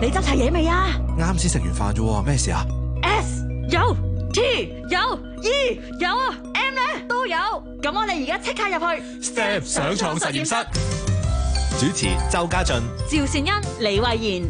你執齊嘢未啊？啱先食完飯啫，咩事啊？S 有，T 有，E 有，M 呢都有。咁我哋而家即刻入去。STEM 上創實驗室主持：周家俊、趙善恩、李慧妍。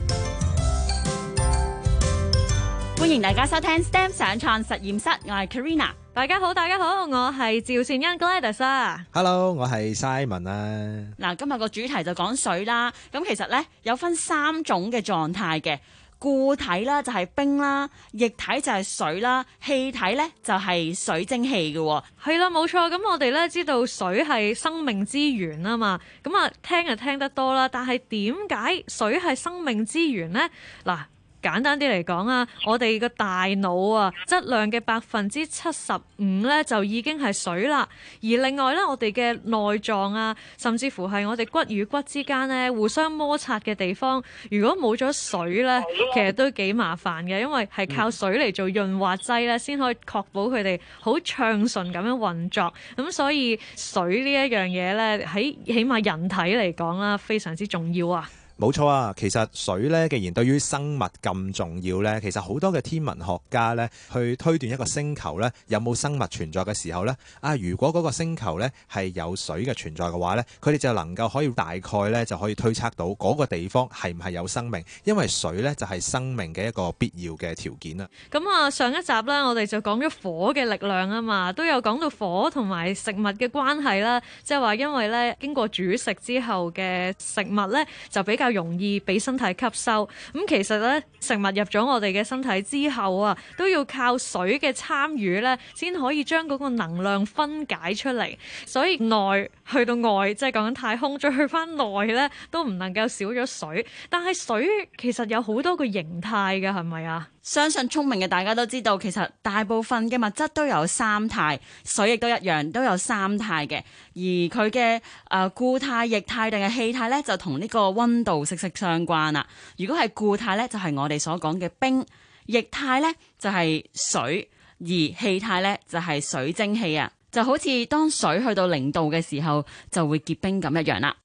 歡迎大家收聽 STEM 上創實驗室，我係 Karina。大家好，大家好，我係趙善恩 Gladys。Glad Hello，我係 Simon 啊。嗱，今日個主題就講水啦。咁其實呢，有分三種嘅狀態嘅，固體啦就係冰啦，液體就係水啦，氣體呢，就係水蒸氣嘅。係啦，冇錯。咁我哋呢，知道水係生命之源啊嘛。咁啊，聽就聽得多啦。但係點解水係生命之源呢？嗱。簡單啲嚟講啊，我哋個大腦啊，質量嘅百分之七十五咧就已經係水啦。而另外咧，我哋嘅內臟啊，甚至乎係我哋骨與骨之間咧互相摩擦嘅地方，如果冇咗水咧，其實都幾麻煩嘅，因為係靠水嚟做潤滑劑咧，先可以確保佢哋好暢順咁樣運作。咁所以水呢一樣嘢咧，喺起碼人體嚟講啦，非常之重要啊！冇錯啊，其實水呢，既然對於生物咁重要呢，其實好多嘅天文學家呢，去推斷一個星球呢有冇生物存在嘅時候呢，啊，如果嗰個星球呢係有水嘅存在嘅話呢，佢哋就能夠可以大概呢就可以推測到嗰個地方係唔係有生命，因為水呢就係生命嘅一個必要嘅條件啦。咁啊，上一集呢，我哋就講咗火嘅力量啊嘛，都有講到火同埋食物嘅關係啦，即係話因為呢經過煮食之後嘅食物呢，就比較，較容易俾身體吸收，咁其實咧，食物入咗我哋嘅身體之後啊，都要靠水嘅參與咧，先可以將嗰個能量分解出嚟。所以內去到外，即係講緊太空，再去翻內咧，都唔能夠少咗水。但係水其實有好多個形態㗎，係咪啊？相信聰明嘅大家都知道，其實大部分嘅物質都有三態，水亦都一樣都有三態嘅。而佢嘅誒固態、液態定係氣態咧，就同呢個溫度。度息息相關啦。如果係固態呢就係我哋所講嘅冰；液態呢就係水；而氣態呢就係水蒸氣啊。就好似當水去到零度嘅時候，就會結冰咁一樣啦。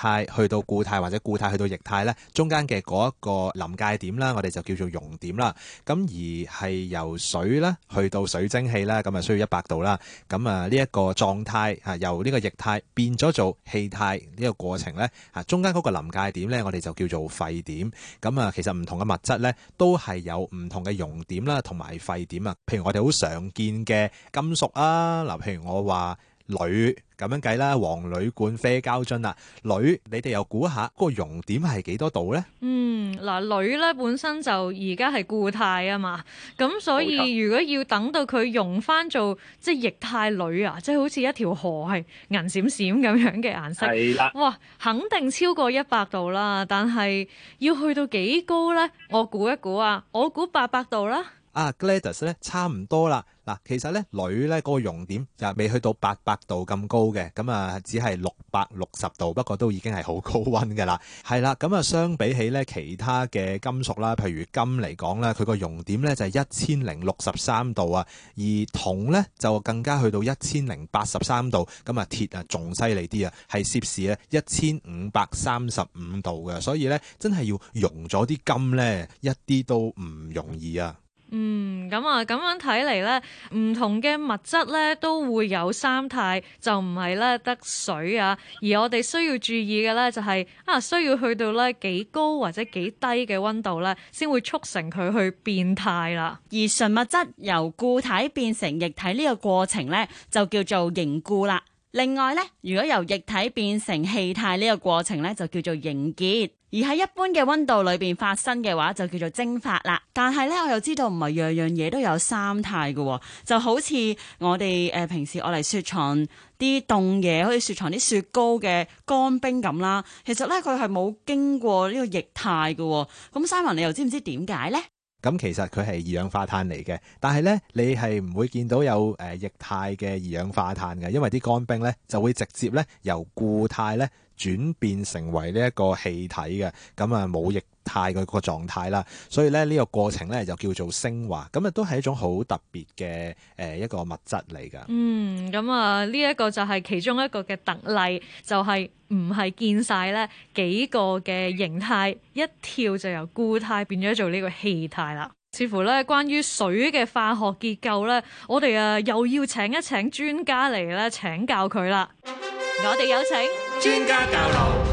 態去到固態或者固態去到液態咧，中間嘅嗰一個臨界點啦，我哋就叫做熔點啦。咁而係由水咧去到水蒸氣咧，咁啊需要一百度啦。咁啊呢一個狀態啊由呢個液態變咗做氣態呢個過程咧，啊中間嗰個臨界點咧，我哋就叫做沸點。咁啊其實唔同嘅物質咧都係有唔同嘅熔點啦同埋沸點啊。譬如我哋好常見嘅金屬啊，嗱譬如我話。鋁咁樣計啦，黃鋁罐啡膠樽啦，鋁你哋又估下嗰個熔點係幾多度呢？嗯，嗱、呃，鋁咧本身就而家係固態啊嘛，咁所以如果要等到佢熔翻做即係液態鋁啊，即係好似一條河係銀閃閃咁樣嘅顏色，的哇，肯定超過一百度啦，但係要去到幾高呢？我估一估啊，我估八百度啦。啊，gladus 咧差唔多啦。嗱，其實咧鋁咧個熔點就未去到八百度咁高嘅，咁啊只係六百六十度，不過都已經係好高溫噶啦。係啦，咁啊相比起咧其他嘅金屬啦，譬如金嚟講咧，佢個熔點咧就係一千零六十三度啊。而銅咧就更加去到一千零八十三度，咁啊鐵啊仲犀利啲啊，係攝氏咧一千五百三十五度嘅，所以咧真係要溶咗啲金咧一啲都唔容易啊。嗯，咁啊，咁樣睇嚟咧，唔同嘅物質咧都會有三態，就唔係咧得水啊。而我哋需要注意嘅咧、就係，就係啊需要去到咧幾高或者幾低嘅温度咧，先會促成佢去變態啦。而純物質由固體變成液體呢個過程咧，就叫做凝固啦。另外咧，如果由液體變成氣態呢個過程咧，就叫做凝結。而喺一般嘅温度裏邊發生嘅話，就叫做蒸發啦。但係呢，我又知道唔係樣樣嘢都有三態嘅、哦，就好似我哋誒、呃、平時我嚟雪藏啲凍嘢，好似雪藏啲雪糕嘅乾冰咁啦。其實呢，佢係冇經過呢個液態嘅、哦。咁，山文你又知唔知點解呢？咁其實佢係二氧化碳嚟嘅，但係呢，你係唔會見到有誒液態嘅二氧化碳嘅，因為啲乾冰呢就會直接呢由固態呢。轉變成為呢一個氣體嘅咁啊冇液態嘅個狀態啦，所以咧呢個過程咧就叫做升華，咁啊都係一種好特別嘅誒一個物質嚟㗎。嗯，咁啊呢一個就係其中一個嘅特例，就係唔係見晒咧幾個嘅形態一跳就由固態變咗做呢個氣態啦。似乎咧關於水嘅化學結構咧，我哋啊又要請一請專家嚟咧請教佢啦， 我哋有請。專家教路，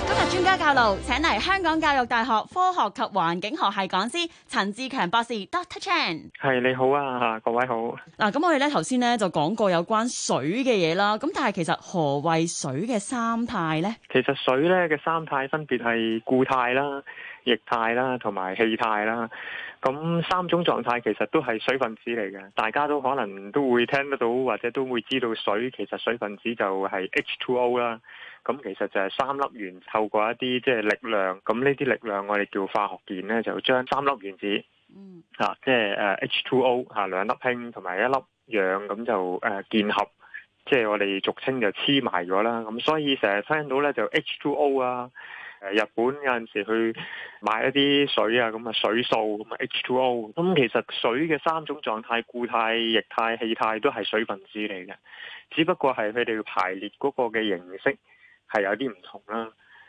今日專家教路，請嚟香港教育大學科學及環境學系講師陳志強博士，Dr. Chan。係，你好啊，各位好。嗱、啊，咁我哋咧頭先咧就講過有關水嘅嘢啦，咁但係其實何謂水嘅三態呢？其實水咧嘅三態分別係固態啦、液態啦，同埋氣態啦。咁三種狀態其實都係水分子嚟嘅，大家都可能都會聽得到或者都會知道水，其實水分子就係 H2O 啦。咁其實就係三粒原子透過一啲即係力量，咁呢啲力量我哋叫化學鍵咧，就將三粒原子，嗯，啊，即係誒 H2O，嚇兩粒氫同埋一粒氧，咁就誒鍵、uh, 合，即係我哋俗稱就黐埋咗啦。咁所以成日聽到咧就 H2O 啊。日本有陣時去買一啲水啊，咁啊水素咁 H2O，咁其實水嘅三種狀態固態、液態、氣態都係水分子嚟嘅，只不過係佢哋排列嗰個嘅形式係有啲唔同啦。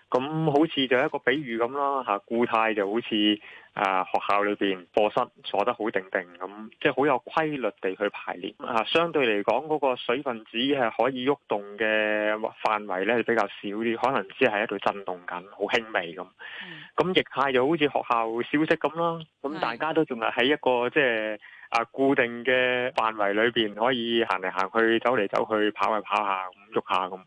咁好似就一個比喻咁啦，嚇固態就好似。啊，學校裏邊課室坐得好定定咁，即係好有規律地去排列。啊，相對嚟講嗰個水分子係可以喐動嘅範圍咧，比較少啲，可能只係喺度震動緊，好輕微咁。咁、嗯、液態就好似學校小息咁啦，咁、嗯嗯、大家都仲係喺一個即係、就是、啊固定嘅範圍裏邊可以行嚟行去，走嚟走去，跑嚟跑去下咁喐下咁。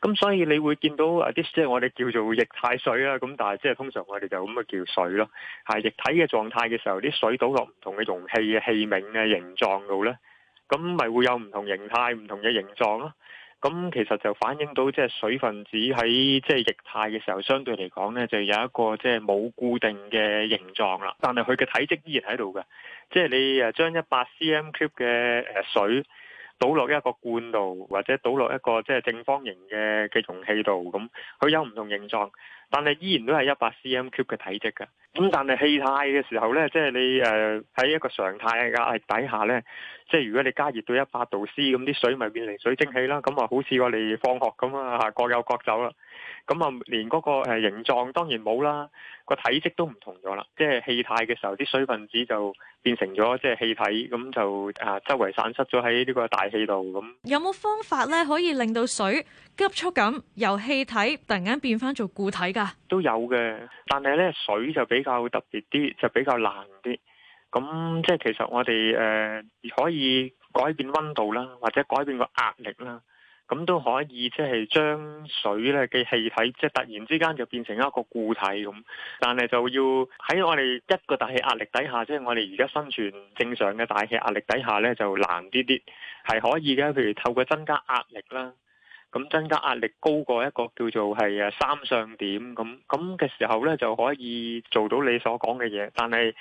咁所以你會見到啊啲即係我哋叫做液態水啊，咁但係即係通常我哋就咁嘅叫水咯，係液體嘅狀態嘅時候，啲水倒落唔同嘅容器嘅器皿嘅形狀度呢，咁咪會有唔同形態，唔同嘅形狀咯。咁其實就反映到即係水分子喺即係液態嘅時候，相對嚟講呢，就有一個即係冇固定嘅形狀啦。但係佢嘅體積依然喺度嘅，即係你誒將一百 cm cube 嘅水。倒落一個罐度，或者倒落一個即係正方形嘅嘅容器度，咁佢有唔同形狀，但係依然都係一百 cm cubic 體積嘅。咁但係氣態嘅時候呢，即係你誒喺一個常態壓力底下呢，即係如果你加熱到一百度 C，咁啲水咪變成水蒸氣啦。咁啊，好似我哋放學咁啊，各有各走啦。咁啊、嗯，連嗰個誒形狀當然冇啦，個體積都唔同咗啦。即係氣態嘅時候，啲水分子就變成咗即係氣體，咁就啊周圍散失咗喺呢個大氣度咁。有冇方法咧可以令到水急速咁由氣體突然間變翻做固體噶？都有嘅，但係咧水就比較特別啲，就比較難啲。咁即係其實我哋誒、呃、可以改變溫度啦，或者改變個壓力啦。咁都可以即係將水咧嘅氣體，即係突然之間就變成一個固體咁。但係就要喺我哋一個大氣壓力底下，即係我哋而家生存正常嘅大氣壓力底下咧，就難啲啲。係可以嘅，譬如透過增加壓力啦，咁增加壓力高過一個叫做係誒三相點咁咁嘅時候咧，就可以做到你所講嘅嘢。但係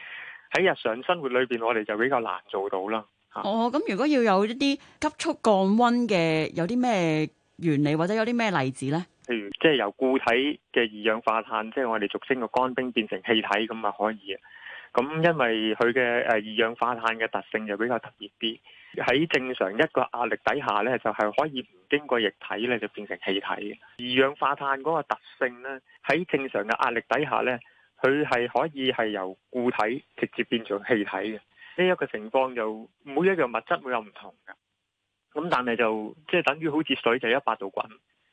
喺日常生活裏邊，我哋就比較難做到啦。哦，咁如果要有一啲急速降温嘅，有啲咩原理或者有啲咩例子呢？譬如，即係由固體嘅二氧化碳，即係我哋俗稱嘅乾冰，變成氣體咁啊可以嘅。咁因為佢嘅誒二氧化碳嘅特性就比較特別啲，喺正常一個壓力底下呢，就係可以唔經過液體呢，就變成氣體。二氧化碳嗰個特性呢，喺正常嘅壓力底下呢，佢係可以係由固體直接變成氣體嘅。呢一個情況就每一樣物質會有唔同嘅。咁但係就即係等於好似水，就一百度滾，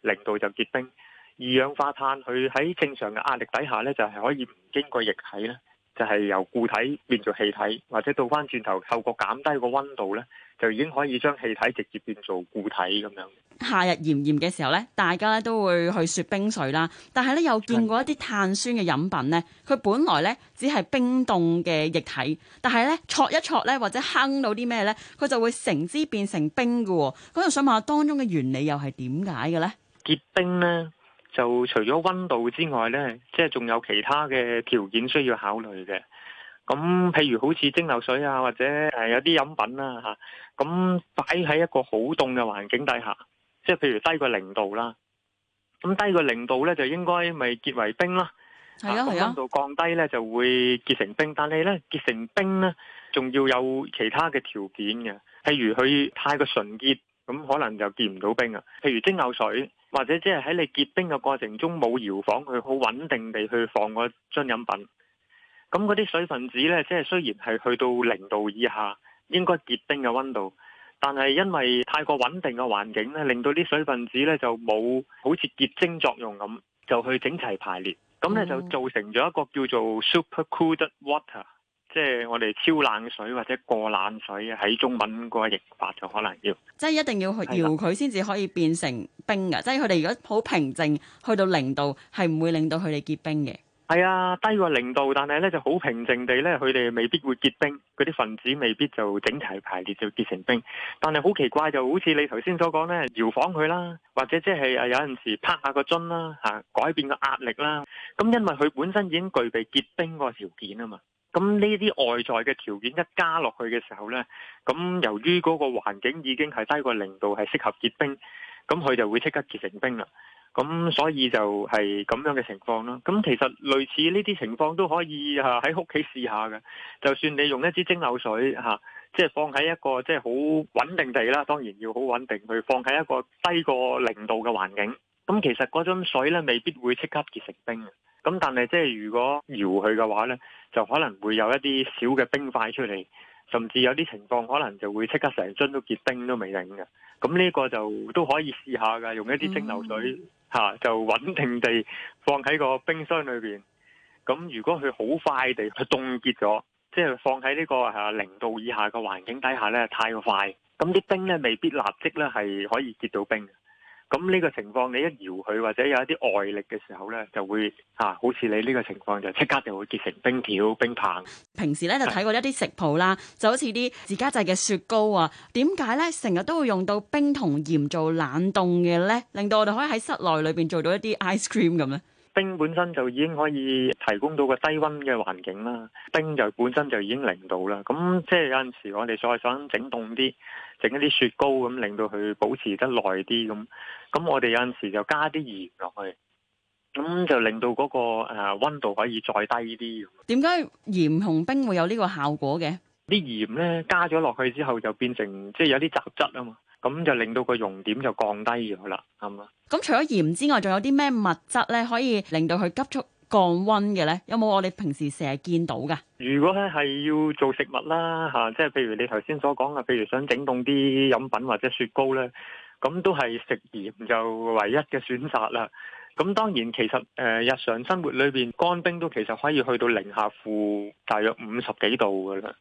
零度就結冰。二氧化碳佢喺正常嘅壓力底下呢，就係、是、可以唔經過液體咧。就係由固體變做氣體，或者倒翻轉頭透過減低個温度咧，就已經可以將氣體直接變做固體咁樣。夏日炎炎嘅時候咧，大家咧都會去雪冰水啦。但係咧又見過一啲碳酸嘅飲品咧，佢本來咧只係冰凍嘅液體，但係咧戳一戳咧或者坑到啲咩咧，佢就會成支變成冰嘅。咁就想問下當中嘅原理又係點解嘅咧？結冰咧。就除咗温度之外呢，即係仲有其他嘅條件需要考慮嘅。咁譬如好似蒸餾水啊，或者誒有啲飲品啦、啊、嚇，咁擺喺一個好凍嘅環境底下，即係譬如低過零度啦。咁低過零度呢，就應該咪結為冰啦。係啊，温、啊啊、度降低呢，就會結成冰，但係呢，結成冰呢，仲要有其他嘅條件嘅。譬如佢太過純潔，咁可能就結唔到冰啊。譬如蒸餾水。或者即係喺你結冰嘅過程中冇搖晃，佢好穩定地去放個樽飲品。咁嗰啲水分子呢，即係雖然係去到零度以下應該結冰嘅溫度，但係因為太過穩定嘅環境咧，令到啲水分子呢就冇好似結晶作用咁，就去整齊排列。咁呢，就造成咗一個叫做 supercooled water。即係我哋超冷水或者過冷水喺中文個譯法就可能要，即係一定要去搖佢先至可以變成冰嘅。的即係佢哋如果好平靜去到零度，係唔會令到佢哋結冰嘅。係啊，低過零度，但係咧就好平靜地咧，佢哋未必會結冰。佢啲分子未必就整齊排列就結成冰。但係好奇怪、就是，就好似你頭先所講咧，搖晃佢啦，或者即係誒有陣時拍下個樽啦吓，改變個壓力啦。咁、啊、因為佢本身已經具備結冰個條件啊嘛。咁呢啲外在嘅條件一加落去嘅時候呢，咁、嗯、由於嗰個環境已經係低過零度，係適合結冰，咁、嗯、佢就會即刻結成冰啦。咁、嗯、所以就係咁樣嘅情況囉。咁、嗯、其實類似呢啲情況都可以嚇喺屋企試下嘅。就算你用一支蒸餾水嚇、啊，即係放喺一個即係好穩定地啦，當然要好穩定，去放喺一個低過零度嘅環境，咁、嗯、其實嗰樽水呢，未必會即刻結成冰。咁但係即係如果搖佢嘅話呢，就可能會有一啲小嘅冰塊出嚟，甚至有啲情況可能就會即刻成樽都結冰都未定嘅。咁呢個就都可以試下噶，用一啲蒸餾水嚇、嗯啊，就穩定地放喺個冰箱裏邊。咁如果佢好快地去凍結咗，即係放喺呢個零度以下嘅環境底下呢，太過快，咁啲冰呢，未必立即呢係可以結到冰。咁呢個情況，你一搖佢或者有一啲外力嘅時候呢，就會吓、啊，好似你呢個情況就即刻就會結成冰條、冰棒。平時呢，就睇過一啲食譜啦，就好似啲自家製嘅雪糕啊，點解呢？成日都會用到冰同鹽做冷凍嘅呢，令到我哋可以喺室內裏邊做到一啲 ice cream 咁呢。冰本身就已經可以提供到個低溫嘅環境啦，冰就本身就已經零度啦。咁即係有陣時我哋再想整凍啲，整一啲雪糕咁，令到佢保持得耐啲咁。咁我哋有陣時就加啲鹽落去，咁就令到嗰個啊溫度可以再低啲。點解鹽同冰會有呢個效果嘅？啲鹽咧加咗落去之後，就變成即係、就是、有啲雜質吖嘛。咁就令到個熔點就降低咗啦，係嘛？咁除咗鹽之外，仲有啲咩物質咧可以令到佢急速降温嘅咧？有冇我哋平時成日見到㗎？如果咧係要做食物啦吓、啊，即係譬如你頭先所講嘅，譬如想整凍啲飲品或者雪糕咧，咁都係食鹽就唯一嘅選擇啦。咁當然其實誒、呃、日常生活裏邊乾冰都其實可以去到零下負大約五十幾度噶啦。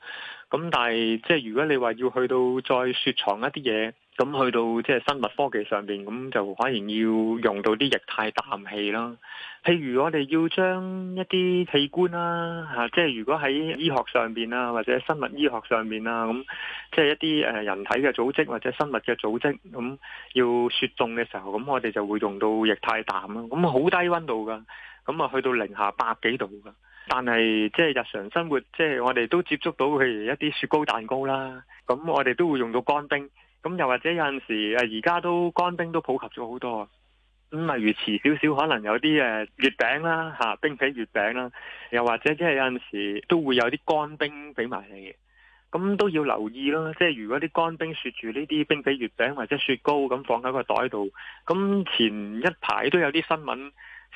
咁但係即係如果你話要去到再雪藏一啲嘢。咁去到即係生物科技上邊，咁就可能要用到啲液態氮氣啦。譬如我哋要將一啲器官啦，嚇，即係如果喺醫學上邊啊，或者生物醫學上面啊，咁即係一啲誒人體嘅組織或者生物嘅組織，咁要雪凍嘅時候，咁我哋就會用到液態氮啦。咁好低溫度㗎，咁啊去到零下百幾度㗎。但係即係日常生活，即係我哋都接觸到佢一啲雪糕、蛋糕啦。咁我哋都會用到乾冰。咁又或者有陣時誒，而家都乾冰都普及咗好多啊！咁、嗯、例如遲少少，可能有啲誒月餅啦嚇、啊，冰皮月餅啦，又或者即係有陣時都會有啲乾冰俾埋你嘅，咁、嗯、都要留意咯。即係如果啲乾冰雪住呢啲冰皮月餅或者雪糕咁、嗯、放喺個袋度，咁、嗯、前一排都有啲新聞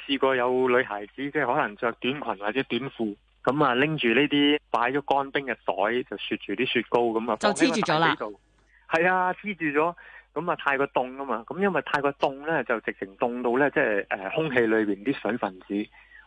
試過有女孩子即係可能着短裙或者短褲，咁、嗯、啊拎住呢啲擺咗乾冰嘅袋就雪住啲雪糕咁啊，嗯嗯、就黐住咗啦。係啊，黐住咗，咁啊太過凍啊嘛，咁因為太過凍咧，就直情凍到咧，即係誒空氣裏邊啲水分子，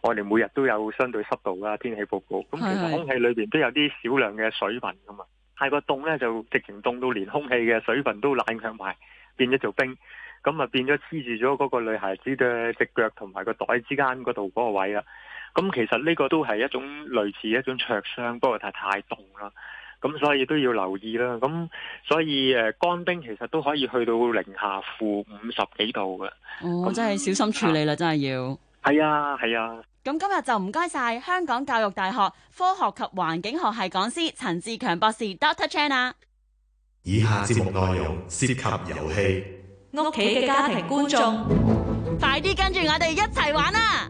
我哋每日都有相對濕度噶天氣報告。咁其實空氣裏邊都有啲少量嘅水分噶嘛，的太過凍咧就直情凍到連空氣嘅水分都冷向埋，變咗做冰，咁啊變咗黐住咗嗰個女孩子嘅隻腳同埋個袋之間嗰度嗰個位啦，咁其實呢個都係一種類似一種灼傷，不過太太凍啦。咁所以都要留意啦。咁所以誒，乾冰其實都可以去到零下負五十幾度嘅。哦，嗯、真係小心處理啦，啊、真係要。係啊，係啊。咁今日就唔該晒香港教育大學科學及環境學系講師陳志強博士 Doctor Chan 啊。以下節目內容涉及遊戲，屋企嘅家庭觀眾，觀眾快啲跟住我哋一齊玩啊。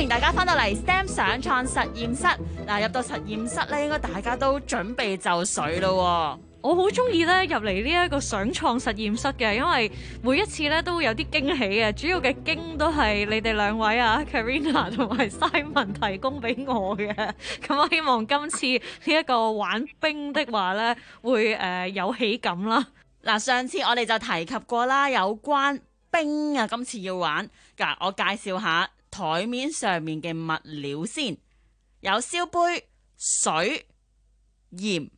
歡迎大家翻到嚟 STEM 想創實驗室嗱、啊，入到實驗室咧，應該大家都準備就緒咯。我好中意咧入嚟呢一個想創實驗室嘅，因為每一次咧都會有啲驚喜嘅。主要嘅驚都係你哋兩位啊，Carina 同埋 Simon 提供俾我嘅。咁、啊、我希望今次呢一個玩冰的話咧，會誒、呃、有喜感啦。嗱、啊，上次我哋就提及過啦，有關冰啊，今次要玩噶、啊，我介紹下。台面上面嘅物料先，有燒杯、水、鹽、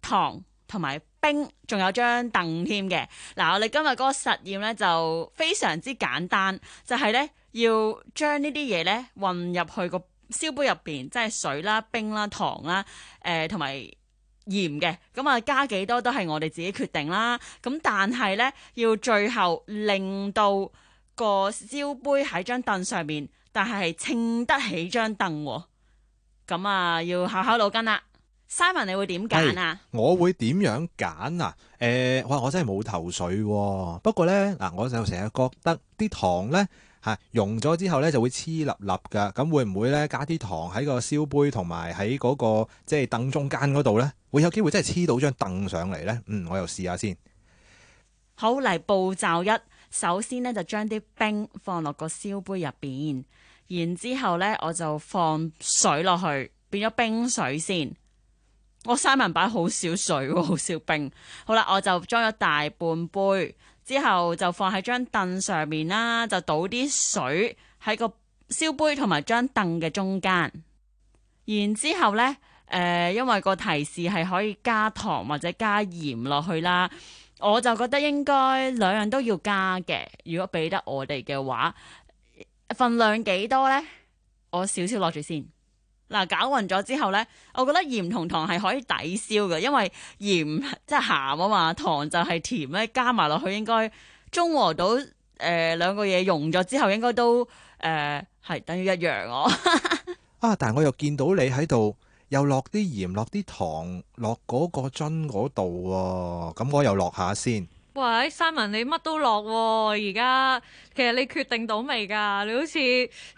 糖同埋冰，仲有張凳添嘅。嗱，我哋今日個實驗呢就非常之簡單，就係呢：要將呢啲嘢呢混入去個燒杯入邊，即係水啦、冰啦、糖啦，誒同埋鹽嘅。咁啊，加幾多都係我哋自己決定啦。咁但係呢，要最後令到個燒杯喺張凳上面。但係稱得起張凳、哦，咁啊要考考腦筋啦。Simon 你會點揀啊？我會點樣揀啊？誒、呃，我我真係冇頭緒、哦。不過呢，嗱，我就成日覺得啲糖呢，吓溶咗之後呢就會黐立立噶。咁會唔會呢？加啲糖喺個燒杯同埋喺嗰個即係凳中間嗰度呢，會有機會真係黐到張凳上嚟呢？嗯，我又試下先。好嚟，步驟一，首先呢就將啲冰放落個燒杯入邊。然之後呢，我就放水落去，變咗冰水先。我、哦、三文擺好少水喎，好少冰。好啦，我就裝咗大半杯，之後就放喺張凳上面啦，就倒啲水喺個燒杯同埋張凳嘅中間。然之後呢，誒、呃，因為個提示係可以加糖或者加鹽落去啦，我就覺得應該兩樣都要加嘅。如果俾得我哋嘅話。份量幾多呢？我少少落住先。嗱，啊，攪勻咗之後呢，我覺得鹽同糖係可以抵消嘅，因為鹽即係鹹啊嘛，糖就係甜咧，加埋落去應該中和到誒兩、呃，個嘢溶咗之後應該，應該都誒係等於一樣哦。 啊！但係我又見到你喺度又落啲鹽，落啲糖，落嗰個樽嗰度喎。咁我又落下先。喂，Simon，你乜都落喎？而家其實你決定到未噶？你好似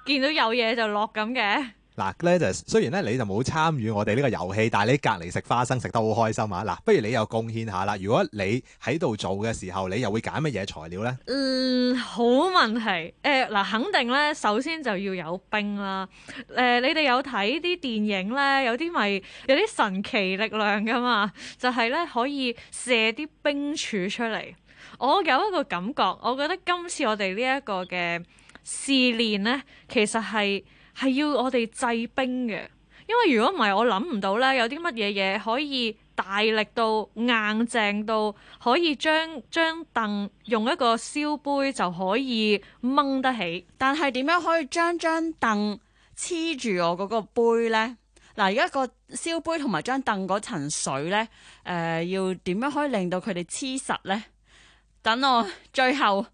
見到有嘢就落咁嘅。嗱，咧就雖然咧，你就冇參與我哋呢個遊戲，但係你隔籬食花生食得好開心啊！嗱，不如你又貢獻下啦！如果你喺度做嘅時候，你又會揀乜嘢材料咧？嗯，好問題。誒、呃，嗱，肯定咧，首先就要有冰啦。誒、呃，你哋有睇啲電影咧，有啲咪有啲神奇力量㗎嘛？就係咧，可以射啲冰柱出嚟。我有一個感覺，我覺得今次我哋呢一個嘅。試練呢，其實係係要我哋製冰嘅，因為如果唔係，我諗唔到呢，有啲乜嘢嘢可以大力到硬淨到可以將將凳用一個燒杯就可以掹得起。但係點樣可以將張凳黐住我嗰個杯呢？嗱，而家個燒杯同埋張凳嗰層水呢，誒、呃、要點樣可以令到佢哋黐實呢？ 等我最後。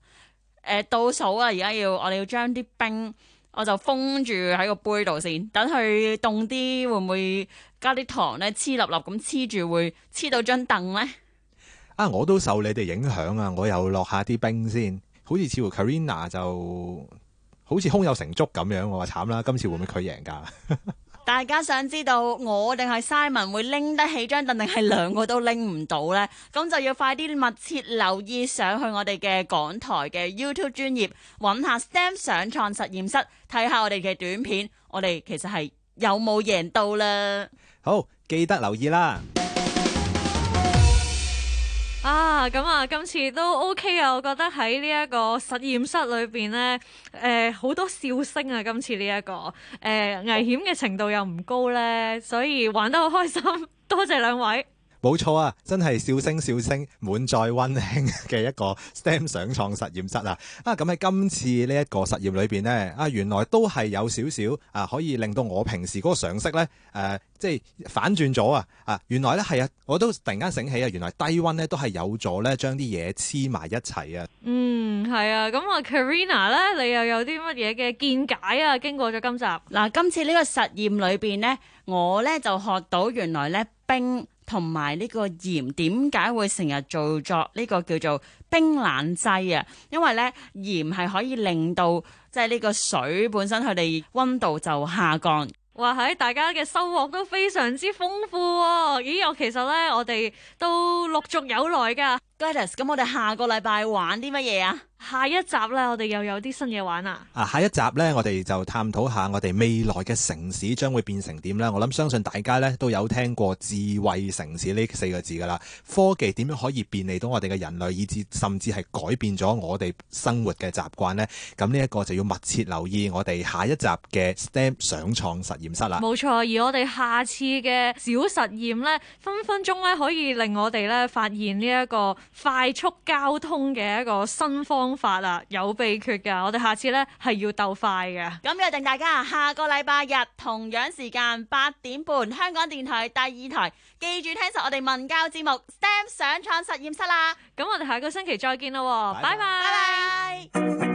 誒、倒數啊！而家要我哋要將啲冰，我就封住喺個杯度先，等佢凍啲，會唔會加啲糖咧？黐粒粒咁黐住，會黐到張凳咧？啊！我都受你哋影響啊！我又落下啲冰先，好似似乎 Carina 就好似胸有成竹咁樣。我話慘啦，今次會唔會佢贏㗎？ 大家想知道我定係 Simon 會拎得起張凳，定係兩個都拎唔到呢？咁就要快啲密切留意上去我哋嘅港台嘅 YouTube 專頁，揾下 STEM 上創實驗室，睇下我哋嘅短片，我哋其實係有冇贏到咧？好，記得留意啦！啊，咁啊，今次都 OK 啊，我覺得喺呢一個實驗室裏邊咧，誒，好多笑聲啊，今次呢一個，誒、呃，危險嘅程度又唔高咧，所以玩得好開心，多謝兩位。冇錯啊！真係笑聲笑聲滿載溫馨嘅一個 STEM 想創實驗室啊啊！咁、啊、喺今次呢一個實驗裏邊咧啊，原來都係有少少啊，可以令到我平時嗰個常識呢，誒、啊，即係反轉咗啊啊！原來呢係啊，我都突然間醒起啊，原來低溫呢都係有助呢將啲嘢黐埋一齊、嗯、啊。嗯，係啊。咁啊，Carina 呢，你又有啲乜嘢嘅見解啊？經過咗今集嗱、啊，今次呢個實驗裏邊呢，我呢就學到原來呢冰。同埋呢個鹽點解會成日做作呢個叫做冰冷劑啊？因為呢鹽係可以令到即係呢個水本身佢哋温度就下降。哇！喺大家嘅收穫都非常之豐富喎，哦。咦？我其實呢，我哋都陸續有來㗎。Gladys，咁我哋下個禮拜玩啲乜嘢啊？下一集咧，我哋又有啲新嘢玩啦！啊，下一集呢，我哋就探討下我哋未來嘅城市將會變成點啦。我諗相信大家呢都有聽過智慧城市呢四個字噶啦。科技點樣可以便利到我哋嘅人類，以至甚至係改變咗我哋生活嘅習慣呢。咁呢一個就要密切留意我哋下一集嘅 STEM 上創實驗室啦。冇錯，而我哋下次嘅小實驗呢，分分鐘咧可以令我哋咧發現呢一個快速交通嘅一個新方法啦，有秘訣噶，我哋下次呢係要鬥快嘅。咁約定大家下個禮拜日同樣時間八點半，香港電台第二台，記住聽實我哋文教節目 STEM 想創實驗室啦。咁我哋下個星期再見咯，拜拜。